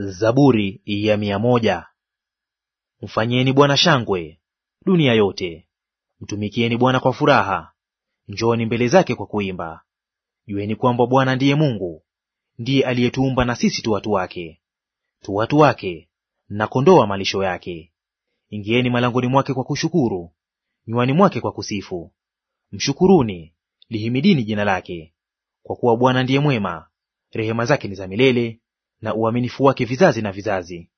Zaburi ya mia moja. Mfanyieni Bwana shangwe dunia yote, mtumikieni Bwana kwa furaha, njooni mbele zake kwa kuimba. Jueni kwamba Bwana ndiye Mungu, ndiye aliyetuumba na sisi tu watu wake, tu watu wake na kondoo wa malisho yake. Ingieni malangoni mwake kwa kushukuru, nywani mwake kwa kusifu. Mshukuruni, lihimidini jina lake, kwa kuwa Bwana ndiye mwema, rehema zake ni za milele, na uaminifu wake vizazi na vizazi.